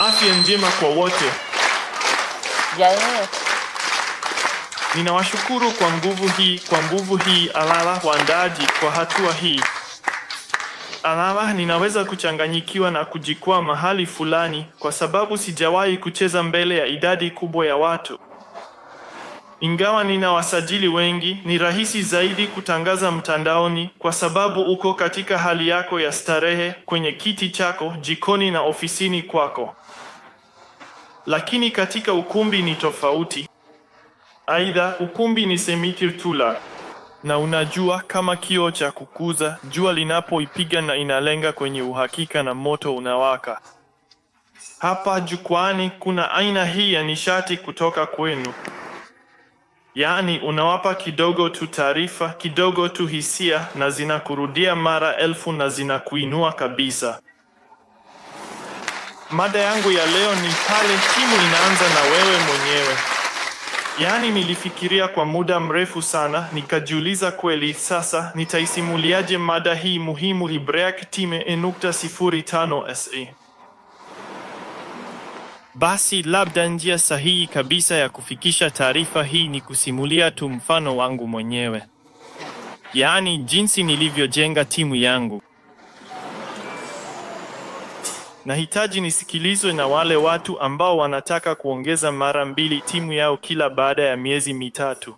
Afya njema kwa wote. Ninawashukuru kwa nguvu hii, kwa nguvu hii alala waandaji kwa hatua hii. Alala, ninaweza kuchanganyikiwa na kujikwaa mahali fulani kwa sababu sijawahi kucheza mbele ya idadi kubwa ya watu. Ingawa nina wasajili wengi, ni rahisi zaidi kutangaza mtandaoni kwa sababu uko katika hali yako ya starehe kwenye kiti chako, jikoni na ofisini kwako lakini katika ukumbi ni tofauti. Aidha, ukumbi ni tula, na unajua, kama kioo cha kukuza, jua linapoipiga na inalenga kwenye uhakika na moto unawaka. Hapa jukwani kuna aina hii ya nishati kutoka kwenu, yaani unawapa kidogo tu taarifa, kidogo tu hisia, na zinakurudia mara elfu na zinakuinua kabisa. Mada yangu ya leo ni pale timu inaanza na wewe mwenyewe. Yaani, nilifikiria kwa muda mrefu sana, nikajiuliza kweli, sasa nitaisimuliaje mada hii muhimu? hibreak Time 4:05 SE. Basi labda njia sahihi kabisa ya kufikisha taarifa hii ni kusimulia tu mfano wangu mwenyewe, yaani jinsi nilivyojenga timu yangu. Nahitaji nisikilizwe na wale watu ambao wanataka kuongeza mara mbili timu yao kila baada ya miezi mitatu.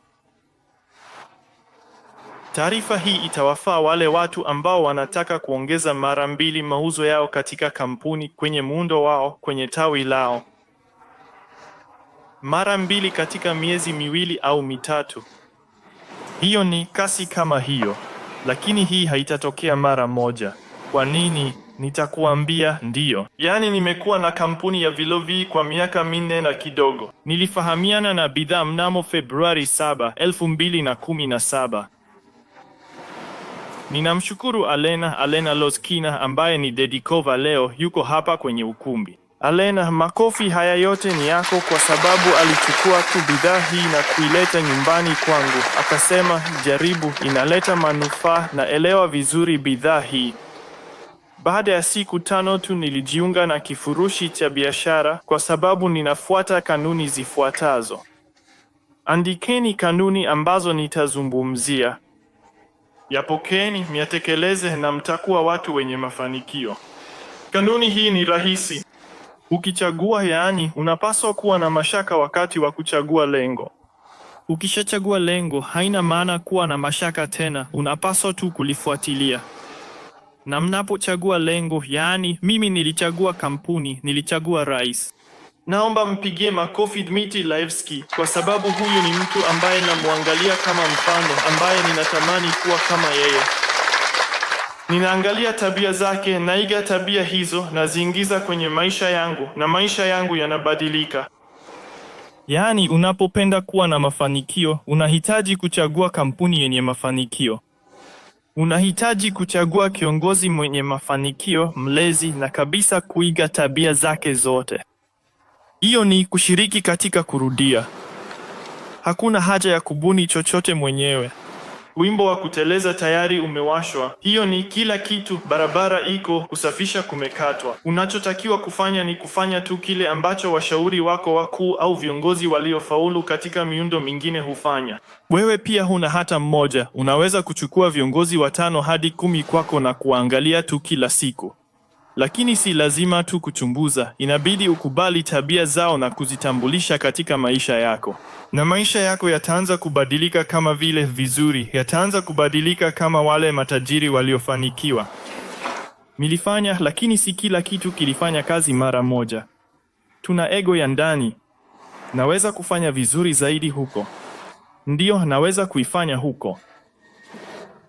Taarifa hii itawafaa wale watu ambao wanataka kuongeza mara mbili mauzo yao katika kampuni, kwenye muundo wao, kwenye tawi lao. Mara mbili katika miezi miwili au mitatu. Hiyo ni kasi kama hiyo. Lakini hii haitatokea mara moja. Kwa nini? Nitakuambia ndiyo. Yaani nimekuwa na kampuni ya Vilovi kwa miaka minne na kidogo. Nilifahamiana na bidhaa mnamo Februari 7, 2017. Ninamshukuru Alena, Alena Loskina ambaye ni Dedikova leo yuko hapa kwenye ukumbi. Alena, makofi haya yote ni yako kwa sababu alichukua tu bidhaa hii na kuileta nyumbani kwangu. Akasema, jaribu, inaleta manufaa na elewa vizuri bidhaa hii. Baada ya siku tano tu nilijiunga na kifurushi cha biashara kwa sababu ninafuata kanuni zifuatazo. Andikeni kanuni ambazo nitazungumzia. Yapokeeni, myatekeleze na mtakuwa watu wenye mafanikio. Kanuni hii ni rahisi. Ukichagua yaani, unapaswa kuwa na mashaka wakati wa kuchagua lengo. Ukishachagua lengo, haina maana kuwa na mashaka tena, unapaswa tu kulifuatilia na mnapochagua lengo, yaani mimi nilichagua kampuni, nilichagua rais. Naomba mpigie makofi Dmitry Laevski kwa sababu huyu ni mtu ambaye namwangalia kama mfano ambaye ninatamani kuwa kama yeye. Ninaangalia tabia zake, naiga tabia hizo, naziingiza kwenye maisha yangu na maisha yangu yanabadilika. Yaani, unapopenda kuwa na mafanikio, unahitaji kuchagua kampuni yenye mafanikio. Unahitaji kuchagua kiongozi mwenye mafanikio, mlezi na kabisa kuiga tabia zake zote. Hiyo ni kushiriki katika kurudia. Hakuna haja ya kubuni chochote mwenyewe. Wimbo wa kuteleza tayari umewashwa. Hiyo ni kila kitu, barabara iko, kusafisha kumekatwa. Unachotakiwa kufanya ni kufanya tu kile ambacho washauri wako wakuu au viongozi waliofaulu katika miundo mingine hufanya. Wewe pia huna hata mmoja. Unaweza kuchukua viongozi watano hadi kumi kwako na kuangalia tu kila siku. Lakini si lazima tu kuchunguza, inabidi ukubali tabia zao na kuzitambulisha katika maisha yako, na maisha yako yataanza kubadilika. Kama vile vizuri, yataanza kubadilika kama wale matajiri waliofanikiwa. Nilifanya, lakini si kila kitu kilifanya kazi mara moja. Tuna ego ya ndani. Naweza kufanya vizuri zaidi huko, ndiyo, naweza kuifanya huko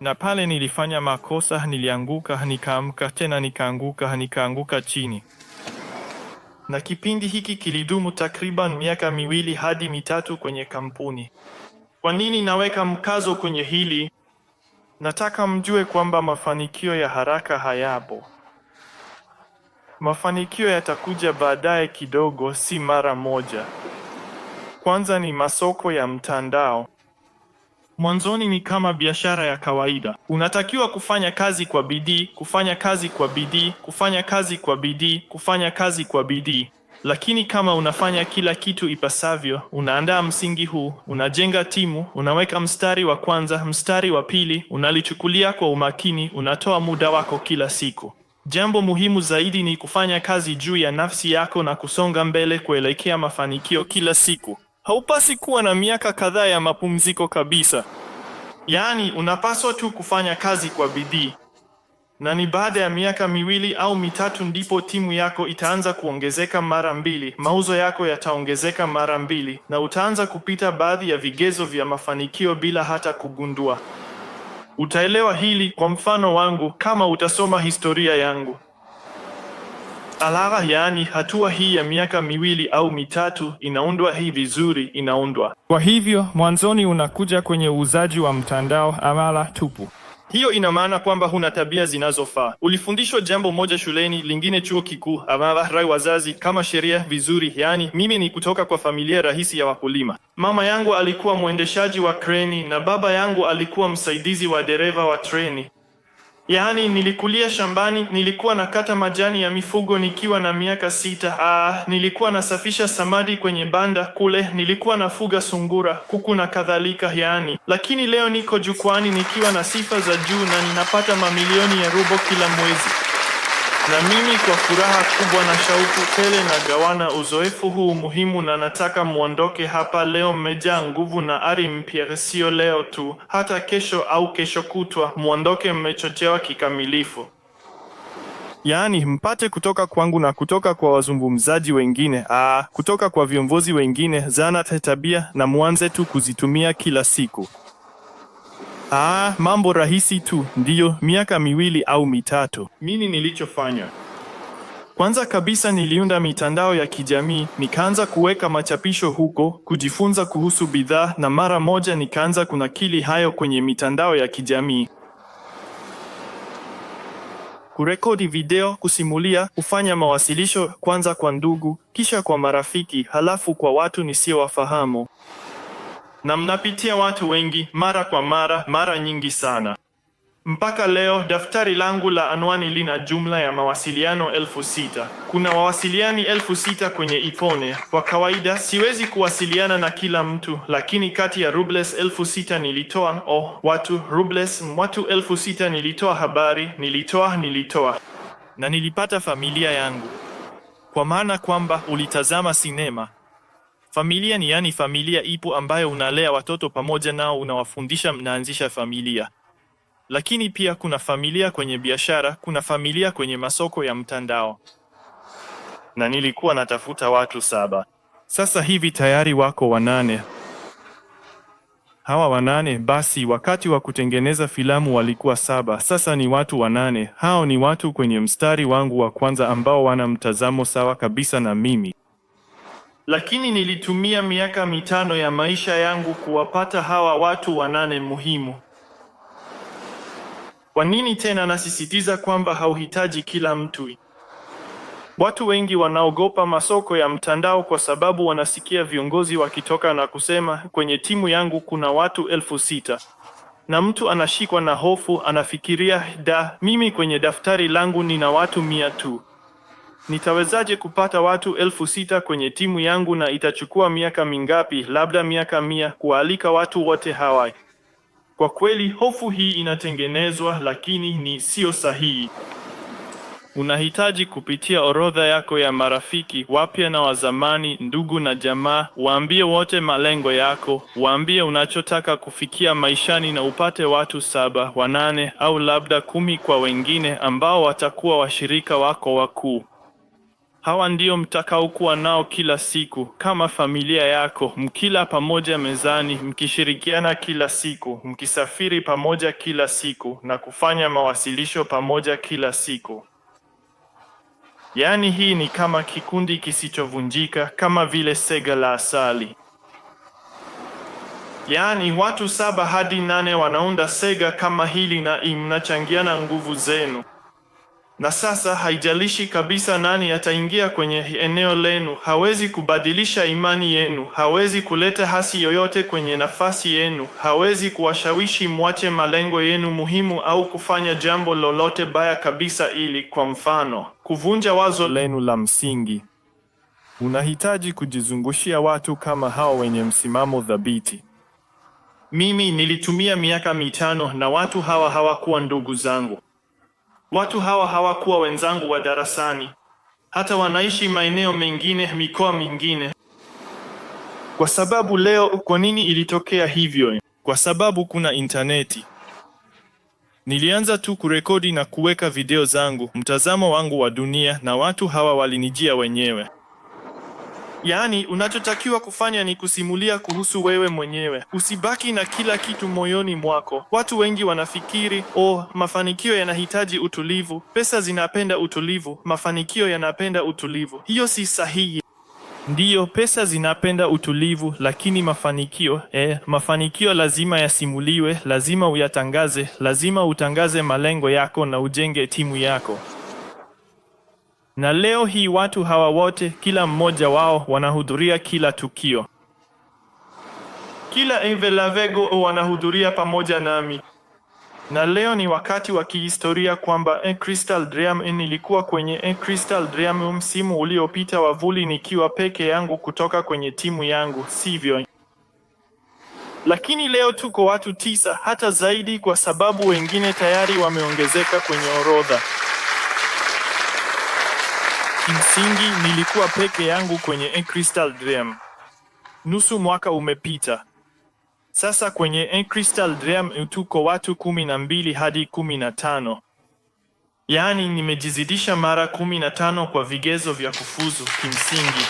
na pale nilifanya makosa, nilianguka, nikaamka tena, nikaanguka, nikaanguka chini. Na kipindi hiki kilidumu takriban miaka miwili hadi mitatu kwenye kampuni. Kwa nini naweka mkazo kwenye hili? Nataka mjue kwamba mafanikio ya haraka hayapo. Mafanikio yatakuja baadaye kidogo, si mara moja. Kwanza ni masoko ya mtandao. Mwanzoni ni kama biashara ya kawaida. Unatakiwa kufanya kazi kwa bidii, kufanya kazi kwa bidii, kufanya kazi kwa bidii, kufanya kazi kwa bidii. Lakini kama unafanya kila kitu ipasavyo, unaandaa msingi huu, unajenga timu, unaweka mstari wa kwanza, mstari wa pili, unalichukulia kwa umakini, unatoa muda wako kila siku. Jambo muhimu zaidi ni kufanya kazi juu ya nafsi yako na kusonga mbele kuelekea mafanikio kila siku haupasi kuwa na miaka kadhaa ya mapumziko kabisa. Yaani unapaswa tu kufanya kazi kwa bidii, na ni baada ya miaka miwili au mitatu ndipo timu yako itaanza kuongezeka mara mbili, mauzo yako yataongezeka mara mbili, na utaanza kupita baadhi ya vigezo vya mafanikio bila hata kugundua. Utaelewa hili kwa mfano wangu kama utasoma historia yangu. Alara yaani hatua hii ya miaka miwili au mitatu inaundwa hii vizuri inaundwa. Kwa hivyo mwanzoni unakuja kwenye uuzaji wa mtandao amala tupu. Hiyo ina maana kwamba huna tabia zinazofaa. Ulifundishwa jambo moja shuleni, lingine chuo kikuu, amala rai wazazi kama sheria vizuri. Yaani mimi ni kutoka kwa familia rahisi ya wakulima. Mama yangu alikuwa mwendeshaji wa kreni na baba yangu alikuwa msaidizi wa dereva wa treni. Yaani nilikulia shambani, nilikuwa nakata majani ya mifugo nikiwa na miaka sita. Ah, nilikuwa nasafisha samadi kwenye banda kule, nilikuwa nafuga sungura, kuku na kadhalika. Yaani, lakini leo niko jukwani nikiwa na sifa za juu na ninapata mamilioni ya rubo kila mwezi. Na mimi kwa furaha kubwa na shauku tele gawana uzoefu huu muhimu, na nataka muondoke hapa leo mmejaa nguvu na ari mpya. Sio leo tu, hata kesho au kesho kutwa, muondoke mmechochewa kikamilifu, yaani mpate kutoka kwangu na kutoka kwa wazungumzaji wengine, aa, kutoka kwa viongozi wengine, zana, tabia, na muanze tu kuzitumia kila siku. Ah, mambo rahisi tu, ndiyo, miaka miwili au mitatu. Nini nilichofanya? Kwanza kabisa niliunda mitandao ya kijamii, nikaanza kuweka machapisho huko, kujifunza kuhusu bidhaa na mara moja nikaanza kunakili hayo kwenye mitandao ya kijamii. Kurekodi video, kusimulia, kufanya mawasilisho kwanza kwa ndugu, kisha kwa marafiki, halafu kwa watu nisiowafahamu na mnapitia watu wengi mara kwa mara, mara nyingi sana. Mpaka leo daftari langu la anwani lina jumla ya mawasiliano elfu sita. Kuna wawasiliani elfu sita kwenye Ipone. Kwa kawaida siwezi kuwasiliana na kila mtu, lakini kati ya rubles elfu sita nilitoa o oh, watu rubles watu elfu sita nilitoa habari, nilitoa nilitoa na nilipata familia yangu, kwa maana kwamba ulitazama sinema Familia ni yani, familia ipo ambayo unalea watoto pamoja nao, unawafundisha, mnaanzisha familia. Lakini pia kuna familia kwenye biashara, kuna familia kwenye masoko ya mtandao. Na nilikuwa natafuta watu saba, sasa hivi tayari wako wanane. Hawa wanane basi, wakati wa kutengeneza filamu walikuwa saba, sasa ni watu wanane. Hao ni watu kwenye mstari wangu wa kwanza ambao wana mtazamo sawa kabisa na mimi lakini nilitumia miaka mitano ya maisha yangu kuwapata hawa watu wanane muhimu. Kwa nini tena nasisitiza kwamba hauhitaji kila mtu? Watu wengi wanaogopa masoko ya mtandao kwa sababu wanasikia viongozi wakitoka na kusema, kwenye timu yangu kuna watu elfu sita na mtu anashikwa na hofu, anafikiria da, mimi kwenye daftari langu nina watu mia tu. Nitawezaje kupata watu elfu sita kwenye timu yangu na itachukua miaka mingapi, labda miaka mia, kualika watu wote hawa? Kwa kweli hofu hii inatengenezwa, lakini ni sio sahihi. Unahitaji kupitia orodha yako ya marafiki wapya na wa zamani, ndugu na jamaa. Waambie wote malengo yako, waambie unachotaka kufikia maishani, na upate watu saba, wanane au labda kumi kwa wengine ambao watakuwa washirika wako wakuu. Hawa ndio mtakaokuwa nao kila siku kama familia yako, mkila pamoja mezani, mkishirikiana kila siku, mkisafiri pamoja kila siku, na kufanya mawasilisho pamoja kila siku. Yaani, hii ni kama kikundi kisichovunjika, kama vile sega la asali. Yaani watu saba hadi nane wanaunda sega kama hili, na mnachangiana nguvu zenu na sasa haijalishi kabisa nani ataingia kwenye eneo lenu, hawezi kubadilisha imani yenu, hawezi kuleta hasi yoyote kwenye nafasi yenu, hawezi kuwashawishi mwache malengo yenu muhimu au kufanya jambo lolote baya kabisa ili, kwa mfano, kuvunja wazo lenu la msingi. Unahitaji kujizungushia watu kama hao wenye msimamo thabiti. Mimi nilitumia miaka mitano na watu hawa hawakuwa ndugu zangu. Watu hawa hawakuwa wenzangu wa darasani, hata wanaishi maeneo mengine, mikoa mingine. Kwa sababu leo, kwa nini ilitokea hivyo? Kwa sababu kuna intaneti. Nilianza tu kurekodi na kuweka video zangu, mtazamo wangu wa dunia, na watu hawa walinijia wenyewe. Yaani, unachotakiwa kufanya ni kusimulia kuhusu wewe mwenyewe, usibaki na kila kitu moyoni mwako. Watu wengi wanafikiri oh, mafanikio yanahitaji utulivu, pesa zinapenda utulivu, mafanikio yanapenda utulivu. Hiyo si sahihi. Ndiyo, pesa zinapenda utulivu, lakini mafanikio eh, mafanikio lazima yasimuliwe, lazima uyatangaze, lazima utangaze malengo yako na ujenge timu yako. Na leo hii watu hawa wote, kila mmoja wao, wanahudhuria kila tukio, kila Envelavego wanahudhuria pamoja nami. Na leo ni wakati wa kihistoria kwamba e, Crystal Dream nilikuwa kwenye e, Crystal Dream msimu uliopita wa vuli nikiwa peke yangu kutoka kwenye timu yangu, sivyo? Lakini leo tuko watu tisa, hata zaidi, kwa sababu wengine tayari wameongezeka kwenye orodha. Kimsingi nilikuwa peke yangu kwenye Crystal Dream. Nusu mwaka umepita sasa. Kwenye Crystal Dream tuko watu kumi na mbili hadi kumi na tano. Yaani nimejizidisha mara kumi na tano kwa vigezo vya kufuzu kimsingi,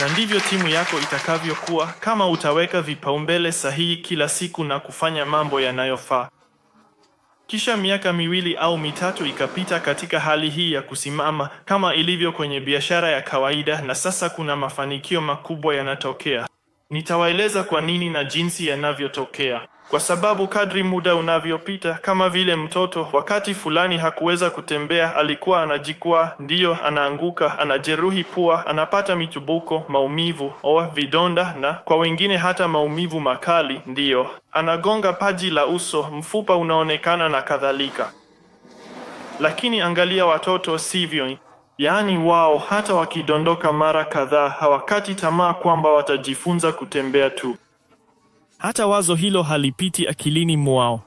na ndivyo timu yako itakavyokuwa kama utaweka vipaumbele sahihi kila siku na kufanya mambo yanayofaa. Kisha miaka miwili au mitatu ikapita katika hali hii ya kusimama kama ilivyo kwenye biashara ya kawaida, na sasa kuna mafanikio makubwa yanatokea. Nitawaeleza kwa nini na jinsi yanavyotokea kwa sababu kadri muda unavyopita, kama vile mtoto wakati fulani hakuweza kutembea, alikuwa anajikwaa, ndiyo anaanguka, anajeruhi pua, anapata michubuko, maumivu o vidonda, na kwa wengine hata maumivu makali, ndiyo anagonga paji la uso, mfupa unaonekana na kadhalika. Lakini angalia watoto, sivyo? Yaani wao hata wakidondoka mara kadhaa hawakati tamaa kwamba watajifunza kutembea tu. Hata wazo hilo halipiti akilini mwao.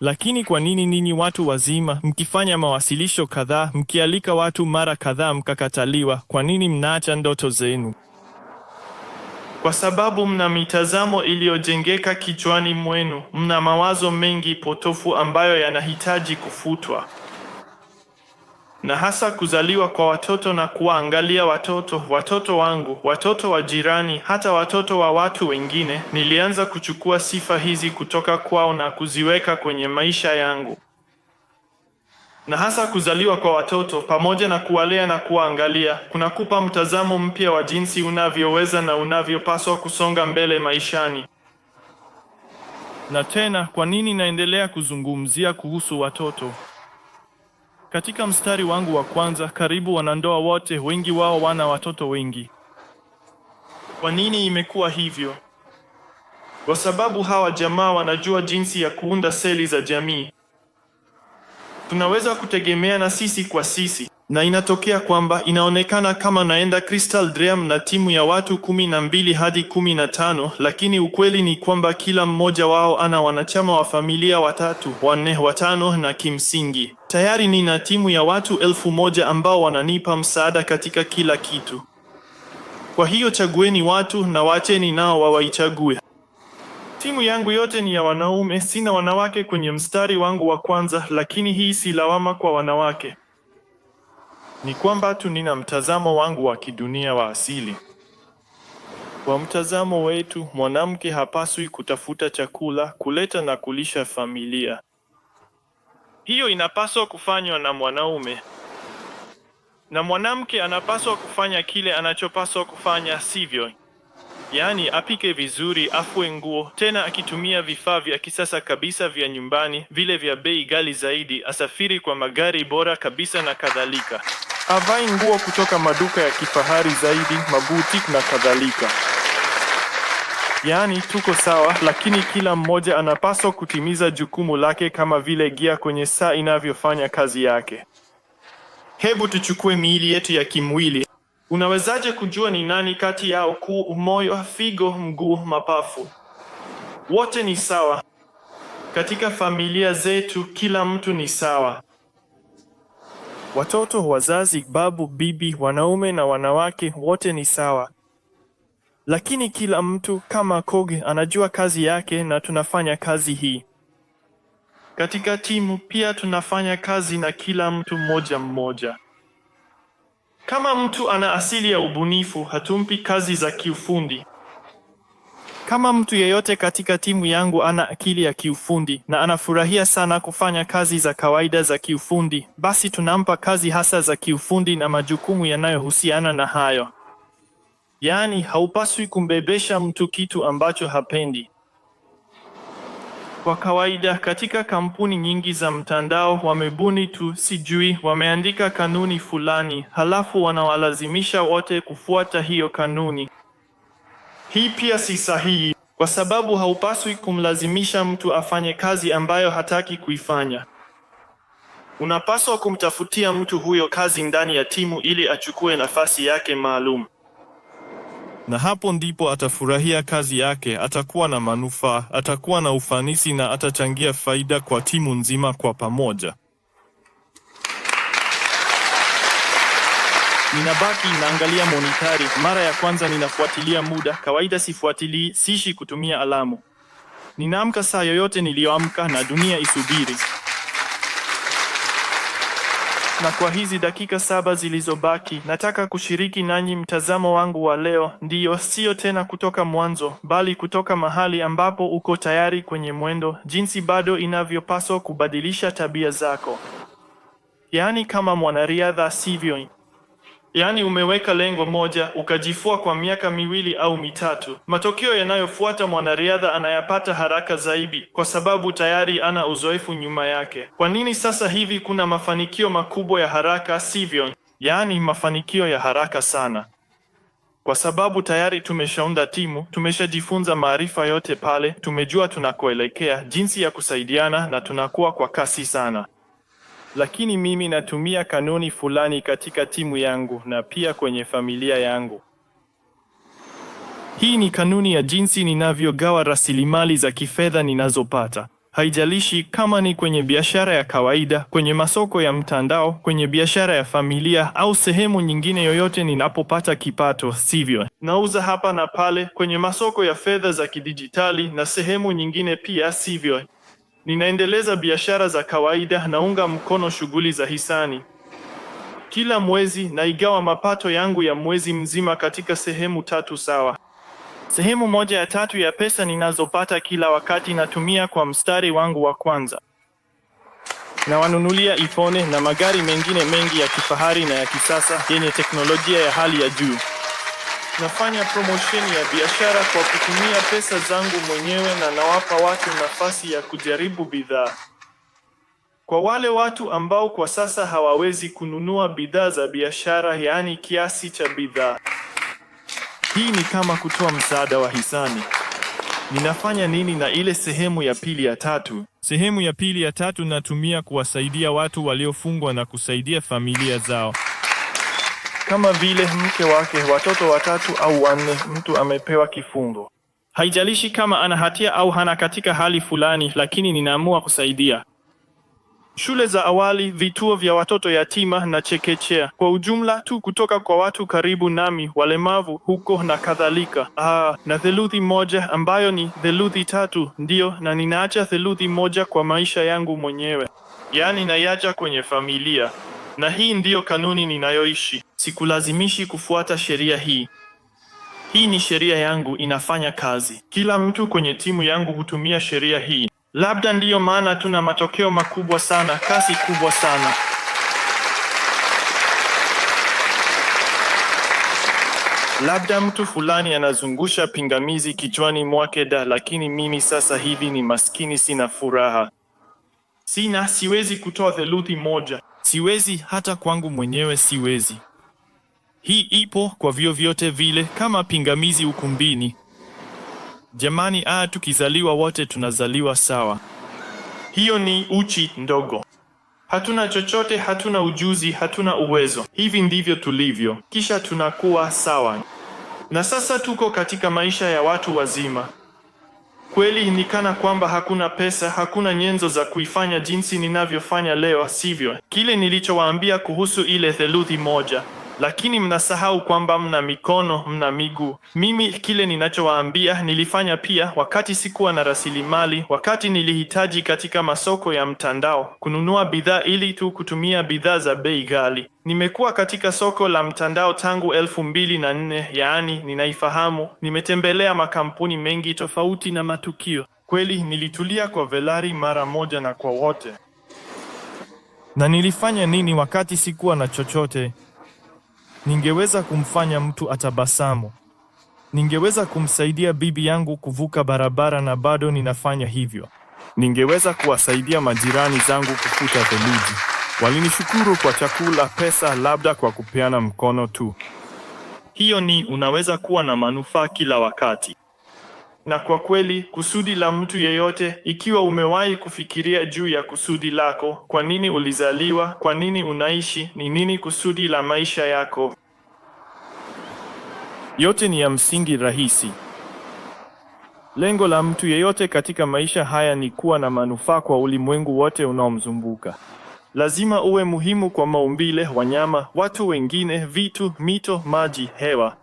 Lakini kwa nini ninyi watu wazima mkifanya mawasilisho kadhaa, mkialika watu mara kadhaa, mkakataliwa? Kwa nini mnaacha ndoto zenu? Kwa sababu mna mitazamo iliyojengeka kichwani mwenu, mna mawazo mengi potofu ambayo yanahitaji kufutwa na hasa kuzaliwa kwa watoto na kuwaangalia watoto, watoto wangu, watoto wa jirani, hata watoto wa watu wengine. Nilianza kuchukua sifa hizi kutoka kwao na kuziweka kwenye maisha yangu, na hasa kuzaliwa kwa watoto pamoja na kuwalea na kuwaangalia kunakupa mtazamo mpya wa jinsi unavyoweza na unavyopaswa kusonga mbele maishani. Na tena, kwa nini naendelea kuzungumzia kuhusu watoto? Katika mstari wangu wa kwanza, karibu wanandoa wote, wengi wao wana watoto wengi. Kwa nini imekuwa hivyo? Kwa sababu hawa jamaa wanajua jinsi ya kuunda seli za jamii. Tunaweza kutegemeana sisi kwa sisi na inatokea kwamba inaonekana kama naenda Crystal Dream na timu ya watu kumi na mbili hadi kumi na tano lakini ukweli ni kwamba kila mmoja wao ana wanachama wa familia watatu, wanne, watano na kimsingi tayari nina timu ya watu elfu moja ambao wananipa msaada katika kila kitu. Kwa hiyo chagueni watu na wacheni nao wawaichague. Timu yangu yote ni ya wanaume, sina wanawake kwenye mstari wangu wa kwanza, lakini hii si lawama kwa wanawake ni kwamba tu nina mtazamo wangu wa kidunia wa asili. Kwa mtazamo wetu, mwanamke hapaswi kutafuta chakula, kuleta na kulisha familia. Hiyo inapaswa kufanywa na mwanaume, na mwanamke anapaswa kufanya kile anachopaswa kufanya, sivyo? Yaani apike vizuri, afue nguo, tena akitumia vifaa vya kisasa kabisa vya nyumbani, vile vya bei ghali zaidi, asafiri kwa magari bora kabisa na kadhalika. Avai nguo kutoka maduka ya kifahari zaidi, mabuti na kadhalika. Yaani tuko sawa, lakini kila mmoja anapaswa kutimiza jukumu lake kama vile gia kwenye saa inavyofanya kazi yake. Hebu tuchukue miili yetu ya kimwili. Unawezaje kujua ni nani kati yao kuu, moyo, figo, mguu, mapafu? Wote ni sawa. Katika familia zetu kila mtu ni sawa. Watoto, wazazi, babu, bibi, wanaume na wanawake wote ni sawa. Lakini kila mtu kama Koge anajua kazi yake na tunafanya kazi hii. Katika timu pia tunafanya kazi na kila mtu mmoja mmoja. Kama mtu ana asili ya ubunifu, hatumpi kazi za kiufundi. Kama mtu yeyote katika timu yangu ana akili ya kiufundi na anafurahia sana kufanya kazi za kawaida za kiufundi, basi tunampa kazi hasa za kiufundi na majukumu yanayohusiana na hayo. Yaani, haupaswi kumbebesha mtu kitu ambacho hapendi. Kwa kawaida katika kampuni nyingi za mtandao wamebuni tu, sijui, wameandika kanuni fulani, halafu wanawalazimisha wote kufuata hiyo kanuni. Hii pia si sahihi, kwa sababu haupaswi kumlazimisha mtu afanye kazi ambayo hataki kuifanya. Unapaswa kumtafutia mtu huyo kazi ndani ya timu ili achukue nafasi yake maalum, na hapo ndipo atafurahia kazi yake, atakuwa na manufaa, atakuwa na ufanisi na atachangia faida kwa timu nzima kwa pamoja. Ninabaki naangalia monitari. Mara ya kwanza ninafuatilia muda, kawaida sifuatilii, siishi kutumia alamu. Ninaamka saa yoyote niliyoamka na dunia isubiri. Na kwa hizi dakika saba zilizobaki, nataka kushiriki nanyi mtazamo wangu wa leo, ndiyo sio tena kutoka mwanzo, bali kutoka mahali ambapo uko tayari kwenye mwendo, jinsi bado inavyopaswa kubadilisha tabia zako, yaani kama mwanariadha, sivyo? yaani umeweka lengo moja ukajifua kwa miaka miwili au mitatu. Matokeo yanayofuata mwanariadha anayapata haraka zaidi, kwa sababu tayari ana uzoefu nyuma yake. Kwa nini sasa hivi kuna mafanikio makubwa ya haraka, sivyo? Yaani mafanikio ya haraka sana, kwa sababu tayari tumeshaunda timu, tumeshajifunza maarifa yote pale, tumejua tunakoelekea, jinsi ya kusaidiana, na tunakuwa kwa kasi sana lakini mimi natumia kanuni fulani katika timu yangu na pia kwenye familia yangu. Hii ni kanuni ya jinsi ninavyogawa rasilimali za kifedha ninazopata. Haijalishi kama ni kwenye biashara ya kawaida, kwenye masoko ya mtandao, kwenye biashara ya familia au sehemu nyingine yoyote ninapopata kipato, sivyo? Nauza hapa na pale kwenye masoko ya fedha za kidijitali na sehemu nyingine pia, sivyo? Ninaendeleza biashara za kawaida, naunga mkono shughuli za hisani. Kila mwezi naigawa mapato yangu ya mwezi mzima katika sehemu tatu sawa. Sehemu moja ya tatu ya pesa ninazopata kila wakati natumia kwa mstari wangu wa kwanza. Nawanunulia ifone na magari mengine mengi ya kifahari na ya kisasa yenye teknolojia ya hali ya juu. Nafanya promotion ya biashara kwa kutumia pesa zangu mwenyewe na nawapa watu nafasi ya kujaribu bidhaa. Kwa wale watu ambao kwa sasa hawawezi kununua bidhaa za biashara, yaani kiasi cha bidhaa. Hii ni kama kutoa msaada wa hisani. Ninafanya nini na ile sehemu ya pili ya tatu? Sehemu ya pili ya tatu natumia kuwasaidia watu waliofungwa na kusaidia familia zao kama vile mke wake, watoto watatu au wanne, mtu amepewa kifungo. Haijalishi kama ana hatia au hana katika hali fulani, lakini ninaamua kusaidia. Shule za awali, vituo vya watoto yatima na chekechea kwa ujumla tu, kutoka kwa watu karibu nami, walemavu huko na kadhalika. Ah, na theluthi moja ambayo ni theluthi tatu, ndiyo, na ninaacha theluthi moja kwa maisha yangu mwenyewe, yaani nayaja kwenye familia, na hii ndiyo kanuni ninayoishi sikulazimishi kufuata sheria hii. Hii ni sheria yangu, inafanya kazi. Kila mtu kwenye timu yangu hutumia sheria hii. Labda ndiyo maana tuna matokeo makubwa sana, kasi kubwa sana. Labda mtu fulani anazungusha pingamizi kichwani mwake, da, lakini mimi sasa hivi ni maskini, sina furaha, sina, siwezi kutoa theluthi moja, siwezi hata kwangu mwenyewe, siwezi. Hii ipo kwa vyote vile kama pingamizi ukumbini. Jamani, aa, ah, tukizaliwa wote tunazaliwa sawa. Hiyo ni uchi ndogo. Hatuna chochote, hatuna ujuzi, hatuna uwezo. Hivi ndivyo tulivyo, kisha tunakuwa sawa. Na sasa tuko katika maisha ya watu wazima. Kweli ni kana kwamba hakuna pesa, hakuna nyenzo za kuifanya jinsi ninavyofanya leo, sivyo? Kile nilichowaambia kuhusu ile theluthi moja lakini mnasahau kwamba mna mikono, mna miguu. Mimi kile ninachowaambia nilifanya pia wakati sikuwa na rasilimali, wakati nilihitaji katika masoko ya mtandao kununua bidhaa ili tu kutumia bidhaa za bei ghali. Nimekuwa katika soko la mtandao tangu elfu mbili na nne, yaani ninaifahamu. Nimetembelea makampuni mengi tofauti na matukio. Kweli nilitulia kwa Velari mara moja na kwa wote. Na nilifanya nini wakati sikuwa na chochote? ningeweza kumfanya mtu atabasamu. Ningeweza kumsaidia bibi yangu kuvuka barabara na bado ninafanya hivyo. Ningeweza kuwasaidia majirani zangu kufuta theluji. Walinishukuru kwa chakula, pesa, labda kwa kupeana mkono tu. Hiyo ni unaweza kuwa na manufaa kila wakati na kwa kweli kusudi la mtu yeyote, ikiwa umewahi kufikiria juu ya kusudi lako, kwa nini ulizaliwa, kwa nini unaishi, ni nini kusudi la maisha yako, yote ni ya msingi rahisi. Lengo la mtu yeyote katika maisha haya ni kuwa na manufaa kwa ulimwengu wote unaomzunguka. Lazima uwe muhimu kwa maumbile, wanyama, watu wengine, vitu, mito, maji, hewa.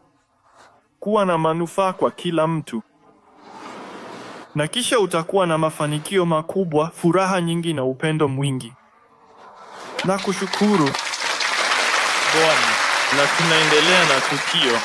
Kuwa na manufaa kwa kila mtu na kisha utakuwa na mafanikio makubwa, furaha nyingi na upendo mwingi. Na kushukuru Bwana. Na tunaendelea na tukio.